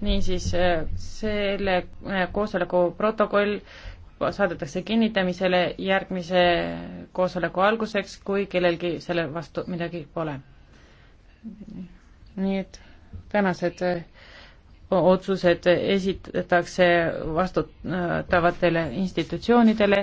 niisiis äh, selle äh, koosoleku protokoll saadetakse kinnitamisele järgmise koosoleku alguseks, kui kellelgi selle vastu midagi pole. nii et tänased äh, otsused esitatakse vastutavatele institutsioonidele